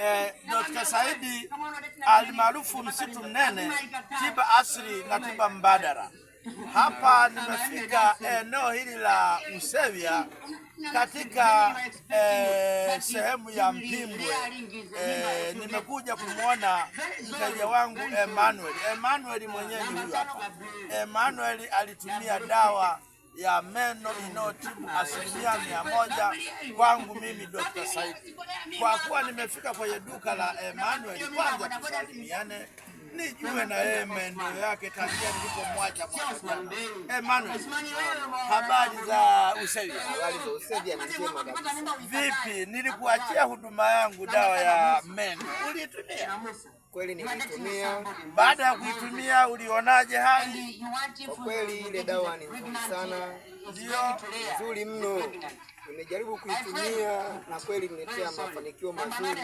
eh, Dr. Saidi almaarufu msitu mnene, tiba asili na tiba mbadala. Hapa nimefika eneo eh, hili la usevia katika eh, sehemu ya Mpimbwe eh, nimekuja kumwona mteja wangu Emmanuel. Emmanuel mwenyewe huyu hapa. Emmanuel alitumia dawa ya meno inayotibu asilimia mia moja kwangu mimi Dr. Saidi. Kwa kuwa nimefika kwenye duka la Emmanuel, kwanza tusalimiane nijue na yeye maendeleo yake tangia nilipomwacha. Eh, habari za usevi? Vipi, nilikuachia huduma yangu dawa ya meno, uliitumia? Kweli nilitumia. Baada ya kuitumia ulionaje hali? Kwa kweli ile dawa ni nzuri sana, ndio nzuri mno nimejaribu kuitumia na kweli nimetea mafanikio mazuri.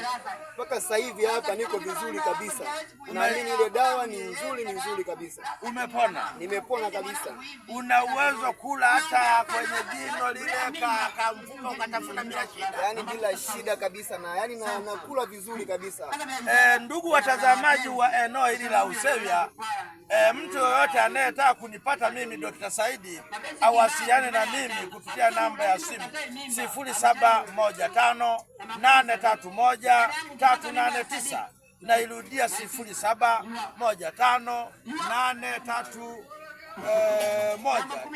Mpaka sasa hivi hapa niko vizuri kabisa. Naamini ile dawa ni nzuri, ni nzuri kabisa. Umepona? Nimepona kabisa. Una uwezo kula hata kwenye jino lile ka, ka ukatafuna bila shida, yani bila shida kabisa, na nakula yaani na nakula vizuri kabisa. Eh, ndugu watazamaji wa eneo hili la Usewya E, mtu yoyote anayetaka kunipata mimi Dr. Saidi awasiliane na mimi kupitia namba ya simu sifuri saba moja tano nane tatu moja tatu nane tisa. Nairudia sifuri saba moja tano nane tatu e, moja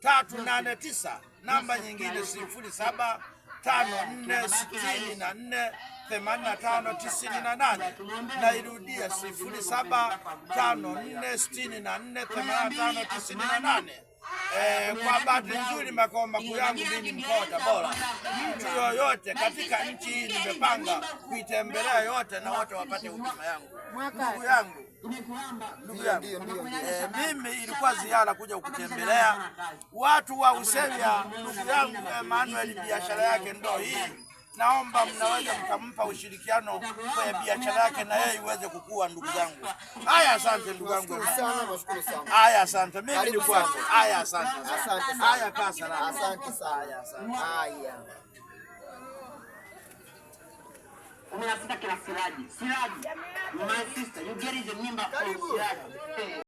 tatu nane tisa. Namba nyingine sifuri saba tano eh, nne sitini na nne themanini na tano tisini na nane. Nairudia sifuri saba tano nne sitini na nne themanini na tano tisini na nane. Eh, kwa bahati nzuri makao makuu yangu mimi mkoa wa Tabora. Mtu yoyote katika nchi hii nimepanga kuitembelea yote na wote wapate huduma yangu. Ndugu yangu, ndugu yangu, eh, mimi kwa ziara kuja kukutembelea watu wa Usevya. Ndugu yangu Emmanuel, biashara yake ndo hii, naomba mnaweza mkampa ushirikiano kwenye biashara yake na yeye iweze kukua. Ndugu zangu, haya, asante ndugu yangu, haya, asante. Mimi ni kwako, haya, asante, haya, kaa salama, asante sana, haya asante. Haya. Umenafika kila Siraji. Siraji, my sister, you get the number of Siraji.